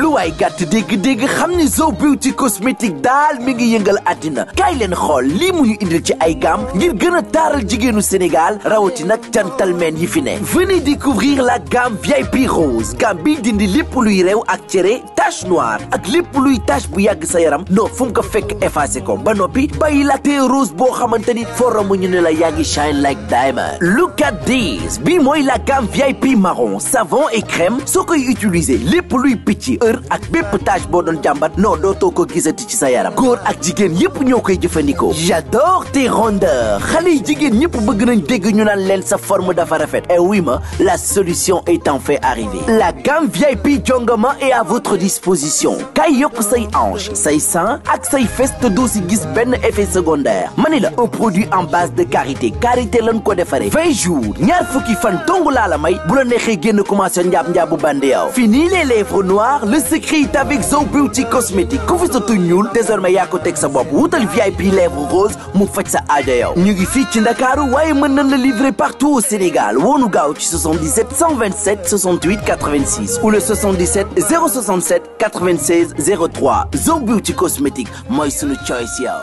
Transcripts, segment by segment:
lu ay gàtt dégg-dégg xam ni Zo Beauty cosmétique daal mi ngi yëngal àddina kaay leen xool lii mu ñu indil ci ay gamme ngir gën a taaral jigéenu Sénégal rawati nag gentleman yi fi ne venez découvrir la gamme VIP rose gamme bi dindi lépp luy réew ak cere tache noire ak lépp luy tache bu yàgg sa yaram non fu ko fekk effacé ko ba noppi bàyyi la tee rose boo xamante ni foramu ñu ne la yaa ngi shine like diamond look at this bii mooy la gamme VIP marron savon et crème soo koy utiliser lepp luy picc heure ak bepp tache bo doon jambat no doto ko gisati ci sa yaram góor ak jigen yépp ñokay koy j'adore tes rondeurs xale jigen jigéen bëgg nañ dégg ñu naan leen sa forme dafa rafet et eh oui ma la solution est en fait arrivée la gamme VIP Jongama est à votre disposition kay yokk say hanche say sein ak say fes do ci gis ben effet secondaire manila un produit en base de karité karité lañ ko défaré 20 jours ñaar fukki fan dong laa la may bu la nexé génn commencé njàpp Pape Ndiabou Bandiao fini les lèvres noires le secret est avec Zo Beauty Cosmétique ku fi sa tuñ ñuul désormais yaa ko teg sa bopp wutal VIP lèvres roses mu faj sa aajo yow ñu ngi fii ci Ndakaaru waaye mën nañ la livrer partout au Sénégal woonu gaaw ci 77 127 68 86 ou le 77 067 96 03 Zo Beauty Cosmétique mooy sunu choice yow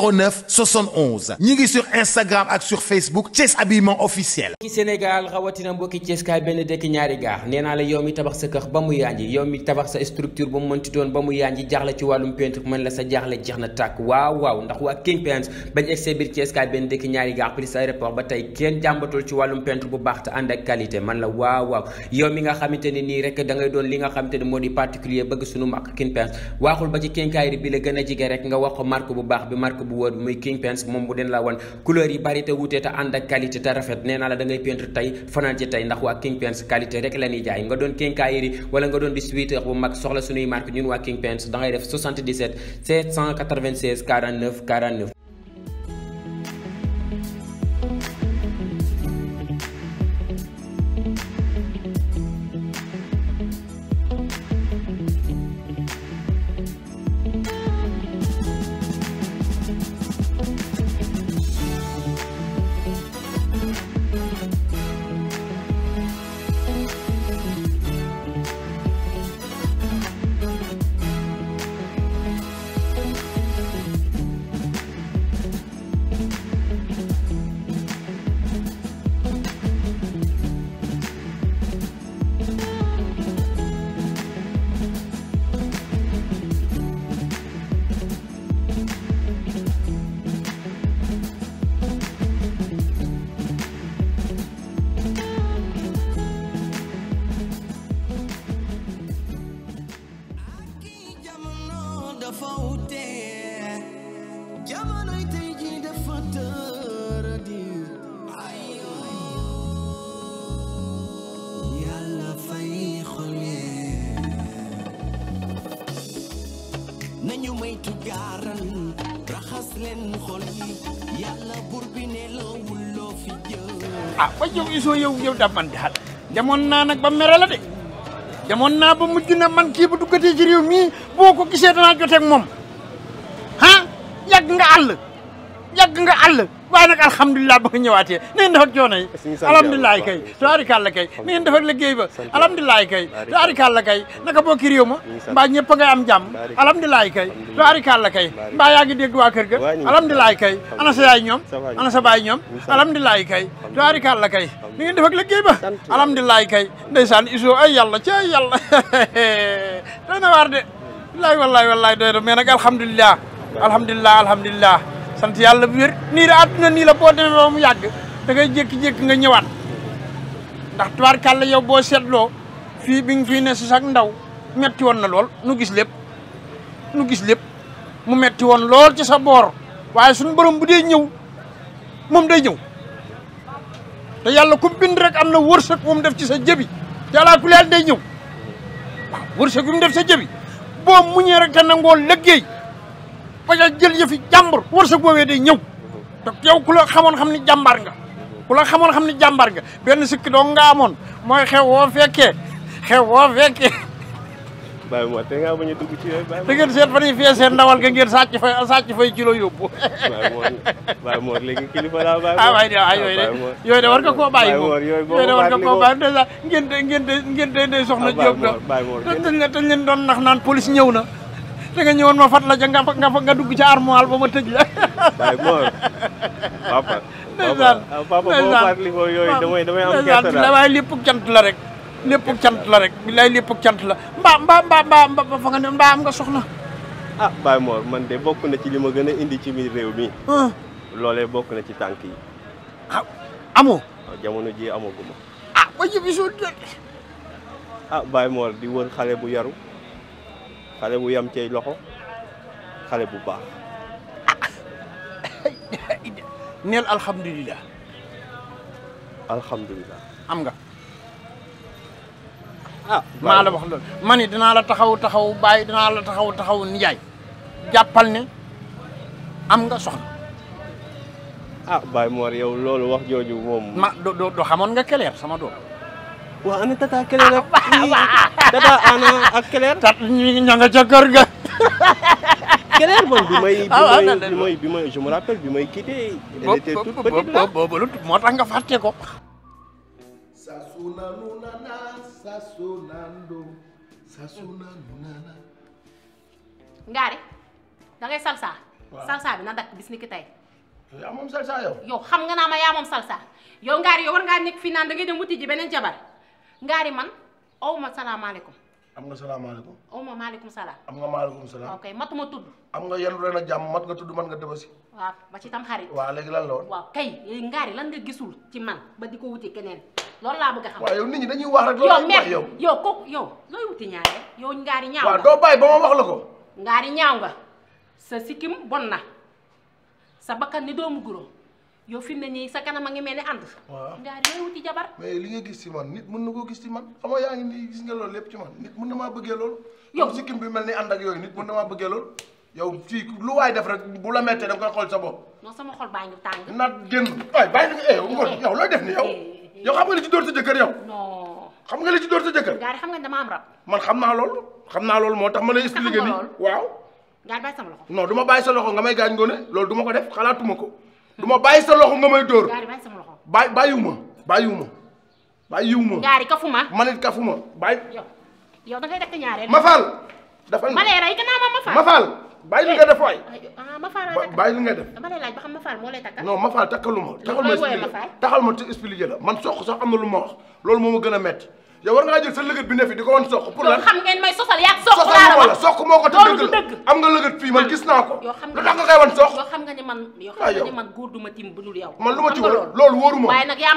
09 71 ñi ngi sur Instagram ak sur Facebook Thiès habillement officiel. ci Sénégal rawatina mbokki Thiès kaay benn dëkk ñaari gaar nee naa la yow mi tabax sa kër ba mu yaanji yow mi tabax sa structure ba mu mënti doon ba mu yaanji jaaxle ci wàllum peinture mën la sa jaaxle jeex na tàkk waaw waaw ndax waa King Paints bañ egsee biir Thiès kaay benn dëkk ñaari gaar plus aéroport ba tey kenn jàmbatul ci wàllum peinture bu baax te ak qualité man la waaw waaw yow mi nga xamante ni nii rek da ngay doon li nga xamante ne moo di particulier bëgg sunu marque King Paints waxul ba ci kenkaayri bi la gën jige rek nga wax ko marque bu baax bi marque bu woon muy king pens moom mu den la wan couleur yi bari te wuute te ànd ak qualité te rafet nee naa la da ngay peintre tey fanaan ci tey ndax waa king pens qualité rek la ñuy jaay nga doon quincaillerie wala nga doon distributeur bu mag soxla suñuy marque ñun waa king pens da ngay def 77 796 49 49 gisoo yow yow da man daal demoon naa nag ba mere la de demoon naa ba mujj na man kii bu duggatee ci réew mii boo ko gisee danaa joteeg moom ah yàgg nga àll yàgg nga àll waaye nag alhamdulilah ba nga ñëwaatee ni ngeen def ak coono yi alhamdulilah kay tabaarikàlla kay ni ngeen def ak liggéey ba alhamdulilah kay tabaarikàlla ñëpp ngay am jàmm alhamdulilah kay tabaarikàlla kay mbaa ngi dégg waa kër ga alhamdulilah kay ana sa ñoom ana sa baay ñoom alhamdulilah kay tabaarikàlla kay ni ngeen def ak liggéey ba alhamdulilah kay ndeysaan iso ay yàlla ci ay yàlla doy na waar de wallaay wallaay wallaay doy na mais nag alhamdulilah alhamdulilah alhamdulilah sant yàlla bu wér nii la àdduna nii la boo demee ba mu yàgg da jékki-jékki nga ñëwaat ndax tubaarkàlla yow boo seetloo fii bi nga fii ne si sax ndaw metti woon na lool nu gis lépp nu gis lépp mu metti woon lool ci sa boor waaye sunu borom bu dee ñëw moom day ñëw te yàlla ku bind rek am na wërsëg bu def ci sa jëbi yàllaa ku leen day ñëw waaw wërsëg bi mu def sa jëbi boo muñee rek te nangoo liggéey fajal jël yëfi jàmbur wërsëg woowee day ñew tok yow kula xamone xamni jambar nga kula xamone xamni jambar nga ben sikki do nga amone moy xew wo fekkee xew wo fekkee bay mo te nga bañu dugg ci bay bàyyi da ngeen seet fa ñuy fee seen ndawal nga ngeen sacc fay sacc fay kilo yóbbu bàyyi moor léegi kilifa laa bàyyi ah waay de ah yooyu ayo yooyu de war nga ko bay mo yooyu de war nga koo bàyyi dèjà ngeen de ngeen de ngeen de soxna Diop ah, nga tan leen don nax naan police ñew na da nga ñëwoon ma fat la ca nga fa nga fa nga dugg ci armoire ba ma tëj la. waaye moom papa. ndeysaan papa boo fàttali ko yooyu damay damay am gerte la waaye lépp cant la rek. lépp cant la rek bilaay lépp cant la mbaa mbaa mbaa mbaa fa nga ne mbaa am nga soxna. ah Baye Mor man de bokk na ci li ma indi ci biir réew mi. loolee bokk na ci tànk yi. ah amoo. jamono ji amaguma. ah ba yëg soo ah Baye Mor di wër xale bu yaru. xale bu yam cey loxo xale bu baax. neel alhamdulilah. alhamdulilah. am nga. ah maa la wax loolu ma ni dinaa la taxaw taxawu bàyyi dinaa la taxaw taxaw nijaay jàppal ne am nga soxna. a ah, baay Mor yow loolu wax jooju moom. ma do do xamoon nga keleer sama doom. Wah, ana tata akeler. Tata ana akeler. Tat ñanga jagor nga. Keler bon bi may bi may je me rappelle bi may quitté. Elle était toute petite là. Bobo lu mo tax nga faté ko. Sasuna nunana sasunando sasuna nunana. Ngari. Da ngay salsa. Salsa bi na dak bis niki tay. Yaa mom salsa yo. Yo, xam nga na ma yaa mom salsa. Yo ngari yo war nga nek fi nan da ngay dem wuti ji benen jabar. ngaari man aw ma salaamaaleykum. am nga salaamaaleykum. aw ma maaleykum salaam. am nga maaleykum salaam. ok matuma tudd. am nga yenn ren a jàmm mat nga tudd man nga dëbësi. waaw ba ci tam xarit. waaw léegi lan la woon. waaw kay eh, ngaari lan nga gisul ci man ba di ko wuti keneen loolu laa bëgg a xam. yow nit ñi dañuy wax rek. loolu wax yow yow yow looy wuti ñaare yow ngaari ñaaw nga doo bàyyi ba ma wax la ko. sa sikkim bon na sa bakkan ni doomu guro. yo fi mu eh, eh, ya, eh. ne nii sa kanam a ngi mel ni ànd. waaw jabar. mais li nga gis ci man nit mën na ko gis ci man xam nga yaa ngi nii gis nga loolu lepp ci man nit mën na ma bëggee loolu. yow ci kim bi melni ni ak yoy nit mën na ma bëggee loolu. yow ci lu way def rek bu la méttee da nga koy sa bop non sama xol baa tang na genn ay waay bàyyi na yow ngoon yow looy def ni yow. yow xam nga li ci dóor sa jëkkër yow. non xam nga li ci dóor sa jëkkër. ndaari xam nga dama am rap man xam naa loolu xam naa ma lay expliquer ni waw ndaari bay sama loxo. non duma bay sa loxo nga may gaañ ngoone loolu ko def xalaatuma ko du ma bàyyi sa loxo nga may dóor. Ndiary bàyyi sama loxo. bàyyi bàyyiwuma bàyyiwuma bàyyiwuma. Ndiary kafuma. man it kafuma bàyyi. yow yow da ngay takk ñaareel. Mafal. dafa ma lay rey gannaaw ma Mafal. Mafal bàyyi li nga def waay. ah Mafal lay takk bàyyi li nga def. dama lay laaj ba xam Mafal moo lay takk. non Mafal takkalu ma. taxal ma expliqué la man soq sax am na lu ma loolu moo ma gën a metti yow war ngaa jël sa lëgët bi ne fi di ko wan soq pour lan xam ngeen may sosal yaa soq laa wax soq moo ko te dëgg am nga lëgët fii man gis naa ko lu xam nga ne man yoo xam nga ni man góor duma tim bu dul yow man lu ma ci wóor loolu wóoruma waaye nag yaa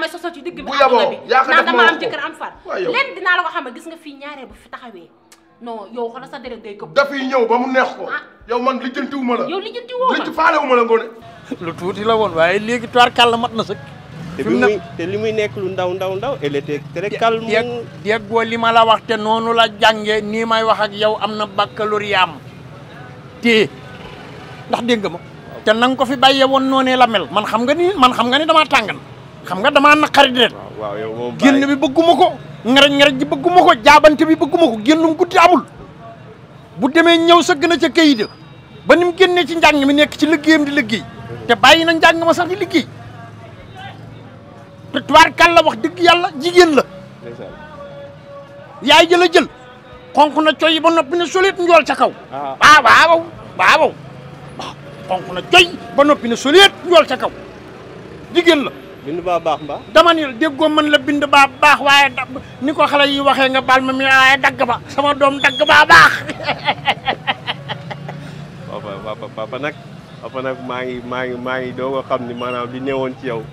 ko xam gis nga fii ñaareel bu fi taxawee sa deret day këpp dafay ñëw ba mu neex ko ah. yow man lijjantiwuma la yow lijjantiwuma la faale wu ma la ngoone lu tuuti la woon waaye léegi toir kàll mat na sëkk te bi muy te li muy nekk lu ndaw ndaw ndaw elle était très calme déggoo li ma la wax te noonu la jànge nii may wax ak yow am na baccalauréat am te ndax dégg nga ma te na nga ko fi bàyyee woon noonee la mel man xam nga ni man xam nga ni damaa tàngan xam nga damaa naqari déet waaw yow moom génn bi bëgguma ko ngaraj ngaraj ji bëgguma ko jaabante bi bëgguma ko génnum guddi amul bu demee ñëw sa gën a ca ya. ba ni mu ci njàng mi nekk ci liggéeyam di liggéey te bàyyi na ma sax di liggéey te tubaarkal la wax dëgg yàlla jigéen la. yaay jëla jël xonk na coy ba noppi ne solide ca kaw. Ah. waaw waaw waaw ah, xonk na coy ba noppi ne solide njool ca kaw jigéen la. bind baa baax mbaa. dama ni man la bind baa baax waaye ni ko xale yi waxee nga baal ma mi dagg ba sama doom dagg baa baax. papa papa papa nag maa ngi maa ngi maa ngi doog xam ni maanaam li newoon ci yow.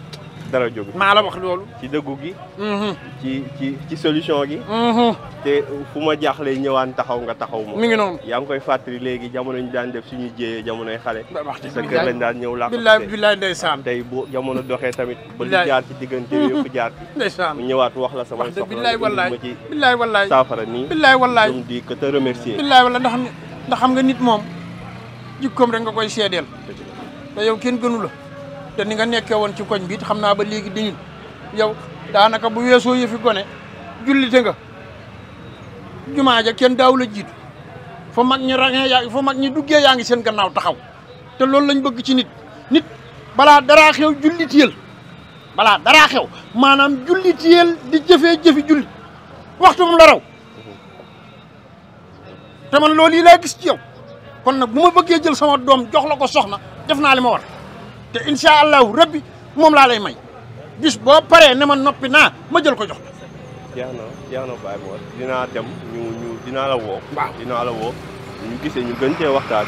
dara jóg maa la wax loolu ci dëggu gi mhm. ci ci ci solution gi mhm. te fu ma jaaxlee ñëwaan taxaw nga taxaw ma mi ngi noonu yaa ngi koy fàttali léegi jamono ñu daan def suñu jéyee jamonoy xale sa kër lañ daal ñëw làkk billaay billaay ndeysaan tey jamono doxee tamit ba li jaar ci diggante yëpp jaar ci ndeysaan mu ñëwaat wax la sama soxla billaay wallaay ma ci billaay wallaay saafara nii billaay wallaay um di que te remercier billaay wallaay ndax ndax xam nga nit moom jikkoom rek nga koy seedeel te yow kenn gënu la te ni nga nekké won ci koñ bi xamna xam naa ba léegi dañu yow daanaka bu wéso yëfi goné jullite nga juma ja kenn dawla jitt fa mag ñu rangee ya fa mag ñi duggé yaa ngi seen gannaaw taxaw te loolu lañ bëgg ci nit nit bala dara xew julliteel bala dara xew maanaam julliteel di jëfé jëfi jullit waxtu mu la raw te man loolu la gis ci yow kon nak buma bëggé jël sama dom jox la ko soxna def na li ma war te inshallah rabbi mom la lay may bis bo paré ne ma nopi na ma jël ko jox la. jeex na jeex na Baye Mor dem ñu ñu Dina la wo dina la wo ñu gisé ñu gën cee waxtaan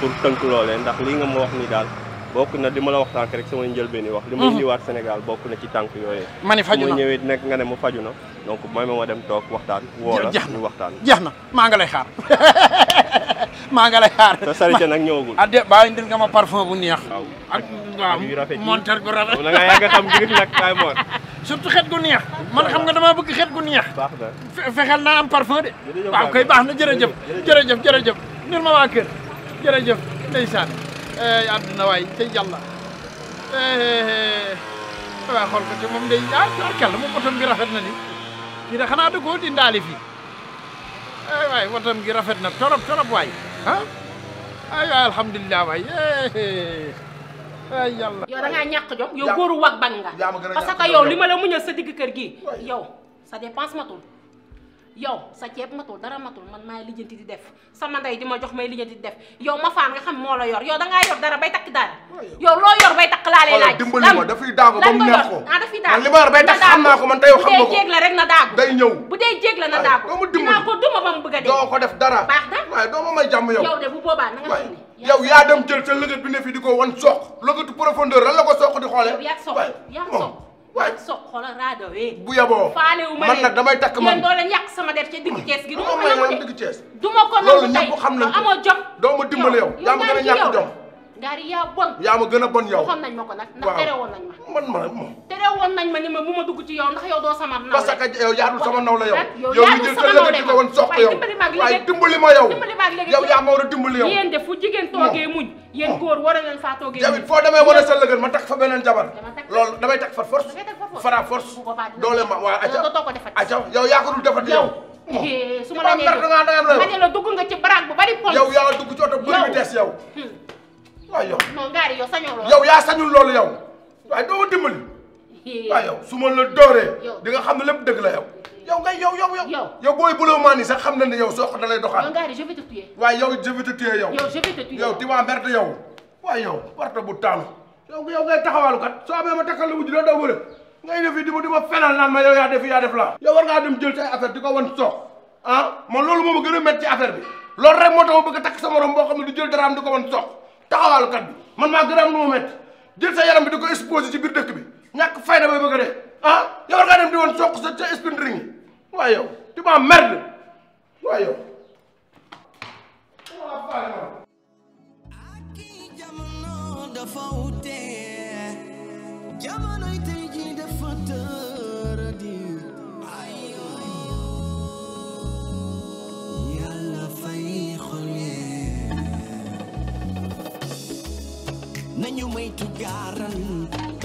pour tank lolé ndax li nga mo wax ni dal bok na di la wax rek sama ñël bénni wax. limay ma mhm. waat Sénégal bok na ci tank yoyé ma faju na ma nga né mu faju na donc moy ma dem tok waxtaan. wo la ñu waxtaan jeex na maa nga lay xaar. ma nga lay xaar. sa Sarité nag ñëwagul. ah de indil nga ma parfum bu neex. ak waaw montar gu rafet la nga yàgg a xam girif nag kaay moon surtout xet gu neex man xam nga damaa bëgg xet gu neex fexeel naa am parfum de waaw koy baax na jërëjëf jërëjëf jërëjëf nir ma waa kër jërëjëf ndeysaan àdduna waay tey yàlla waaw xool ko te moom day ah arkell moom otom bi rafet na ni kii da xanaa da koo di ndaali fii ay waay otom gi rafet na torop torop waay ah ay waay alhamdulilah waay yàlla yow da ban parce que yow li ma la muñal sa digg kër gi yow sa dépense matul yow sa matul dara matul man may lijeenti di def sama ndey di ma jox may lijeenti di def yow ma faan nga xam mo la yor yow da nga yor dara bay tak dara yow lo yor bay tak laa lay laaj dimbali ma dafay daago neex ko ah, daago man li ma yor bay tak xam na ko man tay xam na ko rek na daago day ñew. bu dee jéeg na daago ko duma bam bëgg Do ko def dara baax da? Way do ma may jamm yow yow de bu boba na nga xam yow yaa dem jël sa lëgët bi ne fi di ko wan soq lëgëtu profondeur lan la ko soq di xoolee. yaa soq yaa soq waay soq xoolal raado bu yaboo man nag damay takk man yéen doo leen yàq sama der ca diggu Cees gi. du ma ko nangu de loolu ñëpp xam nañ ko amoo jom doo ma dimbale yow yaa ma gën a ñàkk jom daari yaa ya yaa ma gën a bon yow waxoon nañ ma ko nag ndax tere woon nañ ma man ma moom tere woon nañ ma ni ma bu ma dugg ci yow ndax yow doo sama nawle parce que yow yaadul sama nawle yow yow mi jël sa lëgëti ko woon sox yow waaye dimbali ma yow yow yaa ma war a dimbali yow yéen de fu jigéen toogee muñ yéen góor war a leen faa toogee ya, muñ foo demee war a sa lëgët ma takk fa beneen jabar loolu damay takk fa force fara force doole ma waaw aca ya yaa ko dul defati yow su ma la nee da nga am la yow la dugg nga ci baraag bu bari pol yow yaa dugg ci oto bu bari vitesse yow waaw yow non ngaari yow sañoo loolu yow yaa sañul loolu yow waaye doo dimbali waaw yow su la doré di nga xam lepp deug la yow yow ngay yow yow yow yow boy bu lo mani sax xam na ne yow soo dalay doxal way doxaan je vais te tuer waaye yow je vais te tuer yow yow je vais te tuer yow di waa merde yow way yow warta bu taanu yow yow ngay taxawaalu kat so amé ma takal lu wujj doo daw bëre ngay defi di ma di ma fenal nan ma yow ya def ya def la yow war nga dem jël tay affaire diko won wan soox ah man loolu moo ma gën a ci affaire bi loolu rek mo taw bëgg tak takk sa morom boo xam du jël daraam di ko wan soox taxawal kat bi man ma gëram a met jël sa yaram bi diko ko exposé ci bir dëkk bi ñak fayda bay bëgg dé ah yow nga dem di won sokk sa ca spindring yi waaye yow tu ma merde wa yow dafa wute jamonoy tey ji dafa tëj ñu maytu gaaran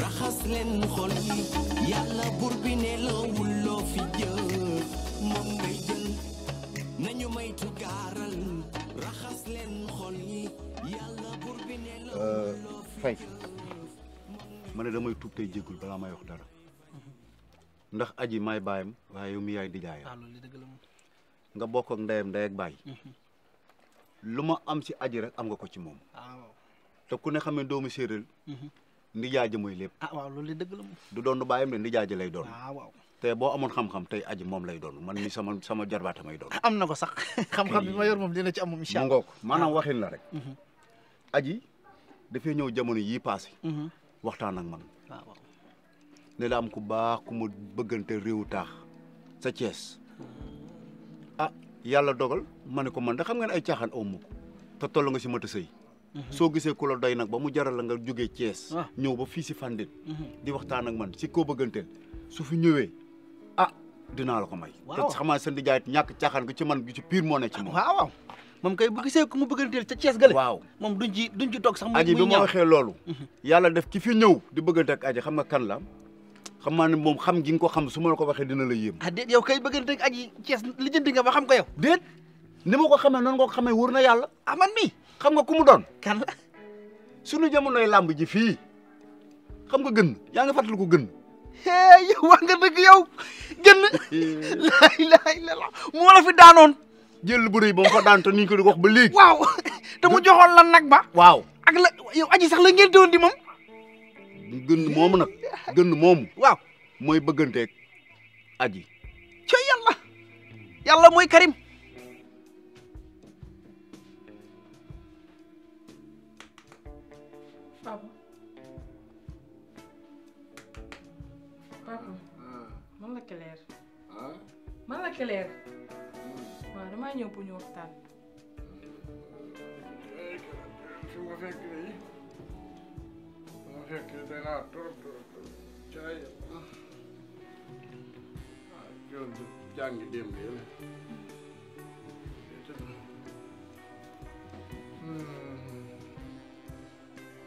raxas leen xol yi yàlla bur bi ne loowul loo fi nañu maytu gaaral raxas leen xol yi yàlla ma ne dara ndax aji may baayam waaye yow mi yaay di jaayam ah, nga bokk ak ndeyam ndey baay mhm. lu ma am si aji rek am nga ko ci moom ah, te ku ne xam ne doomu séeréer. Mhm. ndijaay ji mooy lépp. ah waaw loolu dëgg la moom. du doon bàyyam de ndijaay ji lay doon. Ah, waaw te boo amoon xam-xam tey aji moom lay doon man mi sama sama jarbaata may doon. am na ko sax xam-xam bi ma yor moom dina ci am. incha allah mu na maanaam ah. waxin la rek. Mhm. aji dafay ñëw jamono yii paase. Mhm. waxtaan ak man. Ah, ne la am ku baa ku ma bëggante réewu taax sa Thiès. Hmm. ah yàlla dogal ma ne ko man da xam ngeen ay caaxaan aw ma ko te toll nga si mata sëy Mhm. so gisee ku la doy nag ba mu jaral la nga jógee Thiès. Ah. ñëw ba fii si Fandit. Mhm. di waxtaan ak man si koo bëggantel su fi ñëwee ah dinaa la ko may. waaw te xamaa seen di jaay ñàkk caaxaan gu ci man gu ci pire moo ne ci moom. waaw moom kay bu gisee ko mu bëggantel ca Thiès gale. waaw moom duñ ci duñ ci toog sax. muy bi ma waxee loolu. Mhm. yàlla def ki fi ñëw di bëggante ak aji xam nga kan la. xam naa ne moom xam gi nga ko xam su ma la ko waxee dina la yéem. ah déet yow kay bëggante ak aji Thiès jënd nga ba xam ko yow. déet ni ma ko xamee noonu nga ko xamee wóor na yàlla ah man mi xam nga ku mu doon. kan la sunu jamonoy lamb ji fi xam nga gën ya nga fatlu fàttaliku gën. yow wa nga dëgg yow gën la ilaha illallah mo la fi daanon jël bu reuy ba mu fa daan te ni ko di wax ba leg waaw te mu joxoon lan nak ba. waaw ak la yow aji sax la ngeen doon di moom. gën moomu nag gën moomu. waaw mooy bëgganteeg aji. ci yalla yalla moy Karim. Keller. ah. man mm. eh, la Keller. waaw damaa ñëw pour waxtaan. fi ma fekk nii ma fekk nii naa trop trop trop caay ah yoon bi jàngi démb yi la.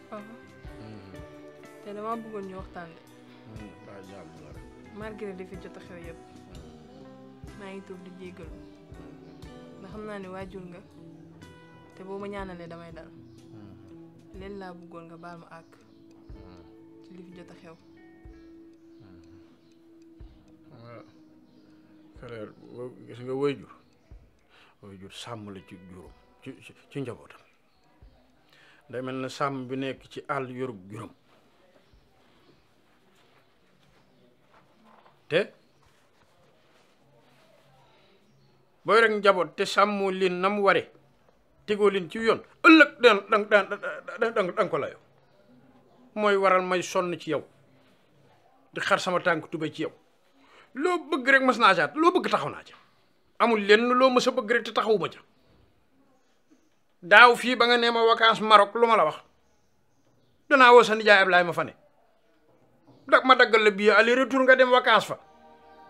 papa. te damaa bëggoon waxtaan de. malgré li fi jot a xew yëpp maa ngi tuub di jéggalu ndax xam naa ne waajur nga te boo ma ñaanalee damay dal mm-hmm. leen laa buggoon nga baal ma àkk ci li fi jot a xew. Mm-hmm. Ah, waaw gis nga waajur waajur sàmm la ci juróom ci ci njabootam day mel na sàmm bi nekk ci àll yorub juróom. te booy rek njaboot te sàmmu lin nam ware tegoo lin ci yoon ëllëg dan ko layo mooy waral may sonn ci yow di xar sama tànk tubé ci yow loo bëgg rek mas naa jaat loo bëgg taxaw naa ca amul lenn loo mës a bëgg rek te taxawuma ca daaw fii ba nga nee ma vacances Maroc lu ma la wax danaa woo sa nijaay laay ma fane da ma daggal la billet aller retour nga dem vacances fa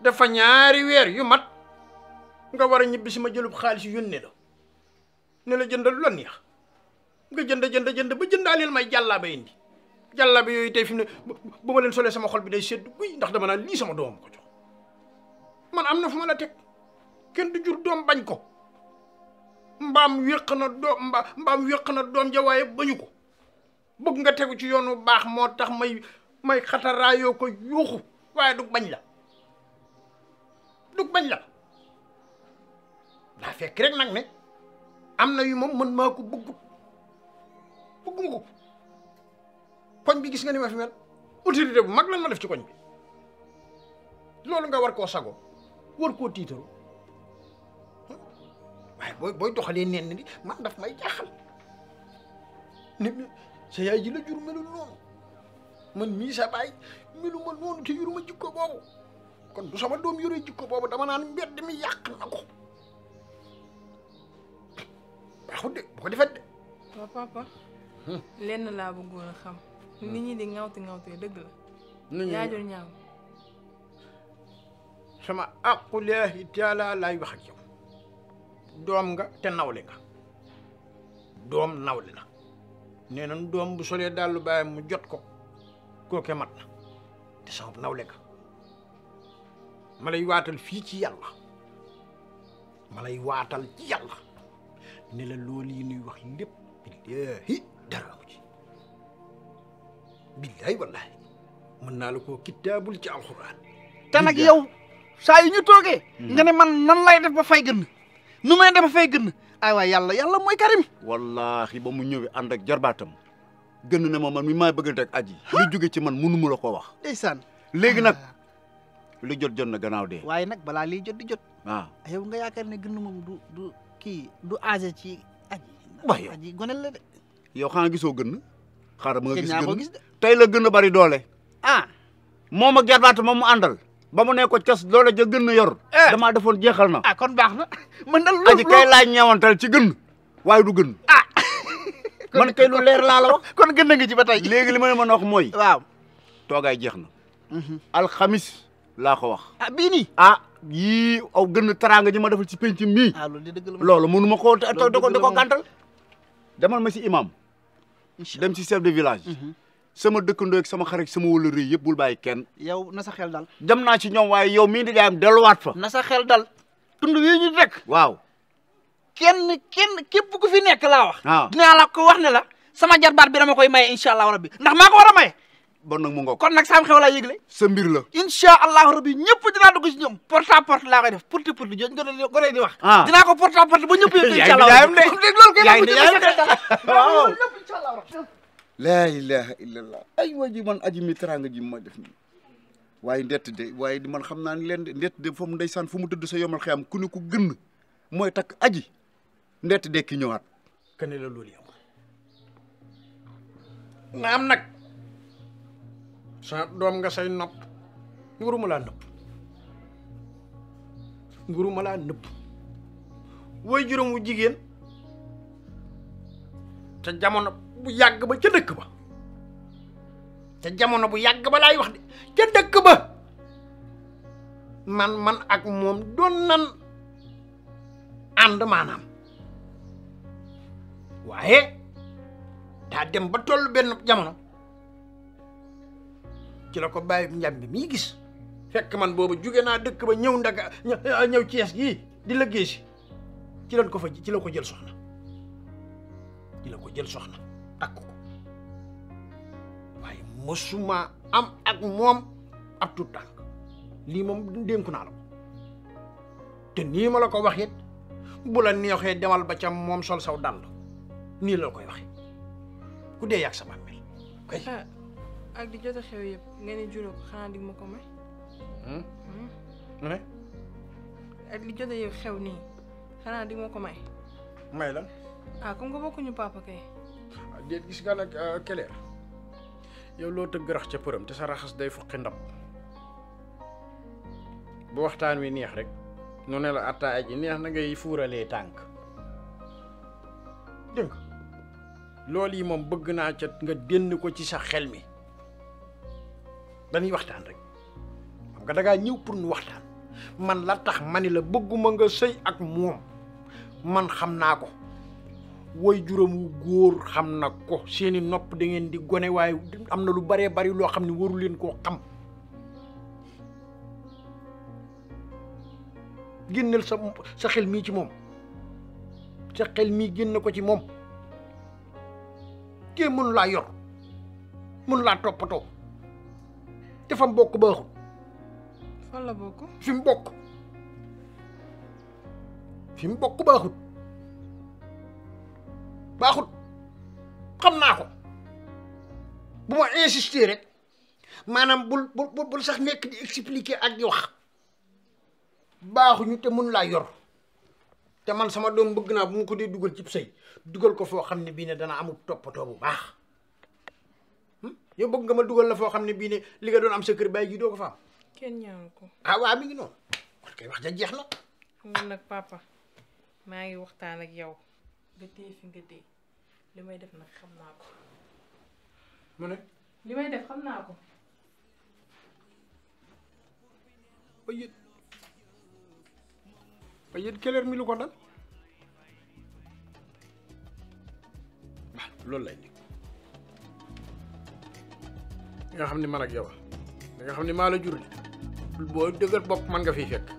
dafa ñaari weer yu mat nga war a ñibbi si ma jëlub xaalis yónnee la ne la jëndal lu la neex nga jënd jënd jënd ba jëndaaleel may jàllaaba indi jàllaaba yooyu tey fi mu ne bu ma solee sama xol bi day sedd guy ndax dama naan lii sama doom ko jox man am na fu ma a teg kenn du jur doom bañ ko mbaam wéq na doom mbaam wéq na doom ja waaye bañu ko bëgg nga tegu ci yoon yoonu baax moo tax may may xataraayoo ko yuuxu waaye du bañ la du bañ la daa fekk rek nag ne am na yu moom mën maa ko bëggut bëgguma ko koñ bi gis nga ni ma fi mel autorité bu mag lan ma def ci koñ bi loolu nga war koo sago war koo tiitaru waaye booy booy doxalee nenn ni man daf may jaaxal ni ñi sa yaay ji la jur melul noonu man mi sa bay mi baay meluma noonu te yoruma jikko bobu kon du sama dom yoree jikko bobu dama nan mbedd mi yak nako ko baaxut de bu ko defat de waaw papa len la bu a xam nit ñi di ngawti ŋawtee deug la nit ñi yaajul ñaaw sama aqulahi taala laay wax ak yow dom nga te nawle nga dom nawle na nee dom bu sole dalu lu mu jot ko Kok mat na te sama nawle ka malay watal fi ci yalla malay watal ci yalla ne la loolu yi nuy wax lepp billahi dara ko ci billahi wallahi mën na la koo ci alquran tan ak yow say ñu toge hmm. nga ne man nan lay def ba fay gën nu may def ba fay gën ay wa yalla yalla moy karim wallahi ba mu ñëwee and ak gën na moom man mi maa bëgg rek aji. lu jóge ci man mënu mu la ko wax. ndeysaan léegi nag ah. lu jot jot na gannaaw dee. waaye nag balaa li jot di jot. waaw ah. yow nga yaakaar ne gën moom du du kii du âgé ci aji. waaye aji gone la de. yow xanaa gisoo gën. xaaral ma nga gën tey la gën a bari doole. ah moom ak jarbaat ma mu àndal. ba mu ne ko cas doole ja gën na yor. Eh. damaa defoon jeexal na. ah kon baax na man dal loolu aji kay laaj ñeewantal ci gën waaye du gën. Ah. man kay lu leer la la wax kon gën nga ci batay tey léegi li ma wax moy waaw toogaay jeex mhm. al khamis la ko wax ah bi ni ah yi aw gën taranga ji ma defal ci penc mii ah, loolu mënu ma ko doko ko gàntal demal ma ci imam dem ci chef de village mhm. sama dëkkandoo ak sama xarit sama wala rëy yëpp bul baye ken yow na sa xel dal dem na ci ñom waye yow mi di delu wat fa na sa xel dal tundu yi ñu rek waaw kenn kenn kep ku fi nek la wax. dina la ko wax ne la sama jarbaat bi dama koy may inshallah rabbi ndax mako wara may bon nak mu ngok kon nak Sam Xew la yegle sa mbir la. inshallah rabbi ñepp dina dug ci ñom porte à porte la koy def porte porte jooju nga ko nga di wax. Ah. dina ko porte à porte bu ñepp yëg. inshallah yaay ne yaay bi yaay bi waaw ñëpp incha allah rabi. laa ilaha illallah ay waji man aji mi teraanga ji ma def nii. waaye ndett de waye di man xamna naa ne leen de fam ndeysaan fu mu tëdd sa yomal xiyam ku ne ko gën mooy takk aji ndett dekki ñëwaat. ka ne la loolu yow nag sa doom nga say nopp nguuruma laa nëpp nguuruma laa nëpp way juróom wu jigéen te jamono bu yàgg ba ca dëkk ba te jamono bu yàgg ba laay wax de ca dëkk ba man man ak moom doon nan ànd maanaam waye da dem ba tollu ben jamono ci lako baye bàyyi mi gis fekk man bobu nyau na dëkk ba ñew ndaga eh, ci Cees gi di liggéey ci ci lan ko fa ci lako jël soxna ci lako jël soxna takk waye musuma am ak mom ab tuut tànk lii moom dénku la te ni ma la ko bu la neexé demal ba ca mom sol saw dal nii la koy waxee ku dee yàgg sa bàmmeel kay. Ah, ak di jot a xew yëpp ngeen di juróom xanaa di ma ko may. Hmm? Hmm? ne. ak ko may. may la. ah comme que bokkuñu papa kay. Ah, déet gis nga nag euh, keleer yow loo tëgg rax ca përëm te sa raxas day fuqi ndab bu waxtaan wi neex rek nu ne la attaaya ji neex na ngay fuuralee tànk dégg loolu yi moom bëgg naa ca nga dénn ko ci sa xel mi dañuy waxtaan rek xam nga dangaa ñëw pour ñu waxtaan man la tax ma ni la bëgguma nga sëy ak moom man xam naa ko woy juróom wu góor xam na ko seeni nopp da ngeen di gone waaye am na lu baree bari loo xam ne waru leen koo xam génneel sa sa xel mii ci moom sa xel mii génn ko ci moom kii mënu laa yor mënu laa toppatoo te fa mu bokk baaxul. fan la bokk. fi mu bokk fi mu bokk baaxul baaxul xam naa ko bu ma insister rek maanaam bul bul bul sax nekk di expliquer ak di wax te mënu laa yor. te man sama doom bëgg naa bu mu ko dee dugal cib sëy dugal ko foo xam ne bii ne dana amub toppatoo bu baax hmm? yow bëgg nga ma dugal la foo xam ne bii ne li nga doon am sa kër bàyyi doo ko fa kenn ñaan ko. ah mi ngi noonu kon wax ja jeex na. man nag papa maa ngi waxtaan ak yow. nga téye fi li may def nag xam naa ko. mu ne. li may def xam naa ko. waaye yéen mi lu ko dal waaw loolu lay nekk nga xam ni man ak yow nga xam ni maa la jur boo dëgër bopp mën nga fiy fekk.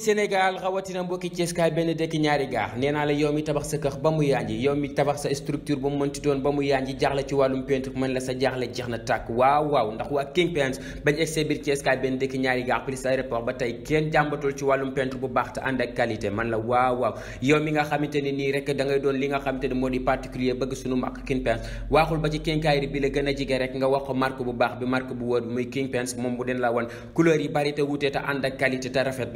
Sénégal rawatina mbokki Ceeskaay benn dëkk ñaari gaar nee naa la yow mi tabax sa kër ba mu yànji yow mi tabax sa structure ba mu mënti doon ba mu yànji jaaxle ci wàllum peinture mën la sa jaaxle jeex na tàkk waaw waaw ndax waa King Paints bañ egsee biir Ceeskaay ñaari gaar plus ba tey kenn jàmbatul ci wàllum peinture bu baax te ànd ak qualité man la waaw waaw yow mi nga xamante ne nii rek da ngay doon li nga xamante ne moo di particulier bëgg suñu marque King Paints waxul ba ci kinkaayri bi la gën a jige rek nga wax ko marque bu baax bi marque bu wóor bi muy King Paints moom bu den la wan couleur yi bari te wuute te ànd ak qualité rafet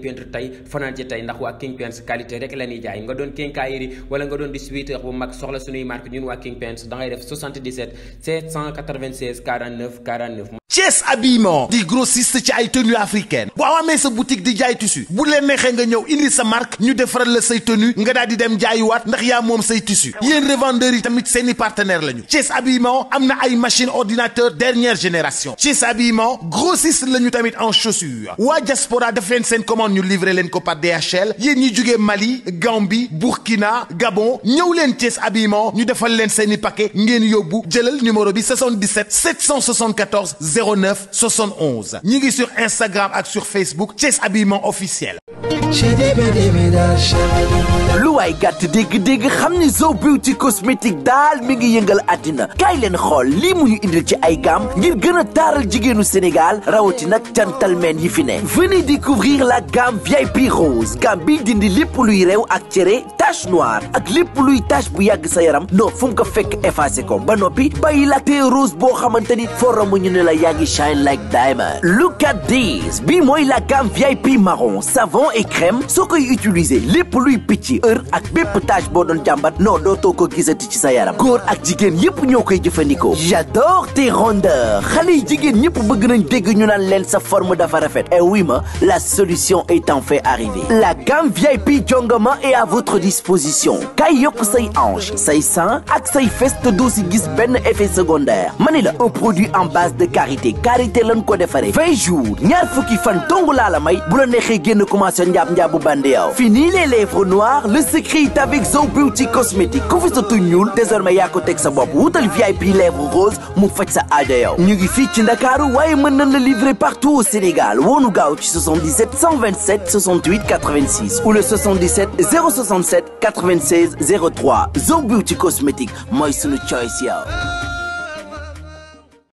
peintre tay fanaan tay ndax wa King Pens qualité rek la ñuy jaay nga doon quincaillerie wala nga doon distributeur bu mag soxla suñuy marque ñun wa King Pens da ngay def 77 796 49 49 Chess habillement di grossiste ci ay africaines. africaine boo amee sa boutique di jaay tissu bu leen neexee nga ñëw indi sa marque ñu le la say tenue nga des di dem jaayiwaat ndax yaa moom say tissu revendeur. Il yi tamit seeni partenaire lañu Chess habillement am na ay machine ordinateur dernière génération Chess habillement grossiste lañu tamit en chaussures waa diaspora def leen seen commande nous livrer les DHL yéen ñi Mali Gambie Burkina Gabon ñew len ties habillement ñu defal len seen paquet ngeen yobbu jëlal numéro bi 77 774 09 71 ñi sur Instagram ak sur Facebook ties habillement officiel. lu waay gàtt dégg-dégg xam ni Zo ci cosmétique daal mi ngi yëngal àddina kaay leen xool lii mu ñu indil ci ay gamme ngir gën a taaral jigéenu Sénégal rawati nag gentlemen yi fi ne venez découvrir la gamme VIP rose gamme bi dindi lépp luy réew ak cere tache noire ak lépp luy tache bu yàgg sa yaram non fu mu ko fekk effacé ko ba noppi bàyyi la tee rose boo xamante ni foramu ñu ne la yaa ngi shine like diamond look at this bii mooy la gamme VIP marron savon savon et crème soo koy utiliser lépp luy picc heure ak bépp tâche bo doon jàmbat non dootoo ko gisati ci sa yaram góor ak jigen yépp ñokay jëfëndiko j'adore tes rondeurs xali jigen jigéen bëgg nañ dégg ñu naan leen sa forme dafa rafet et eh oui ma la solution est en fait arrivée la gamme VIP Jongama est à votre disposition kay yokk say hanche say sein ak say fes do ci gis ben effet secondaire manila un produit en base de karité karité lañ ko défaré 20 jours ñaar fukki fan dong la la may bu la nexé génn commencé ce fini les lèvres noires le secret avec Zo Beauty Cosmétique ku fi sa tuñ ñuul désormais yaa ko teg sa t'as wutal VIP lèvres roses mu faj sa aajo N'y a pas de ci Ndakaaru waaye mën maintenant le livrer partout au Sénégal On gaaw ci 77 127 68 86 ou le 77 067 96 03 Zo Beauty Cosmétique mooy sunu choice y'a.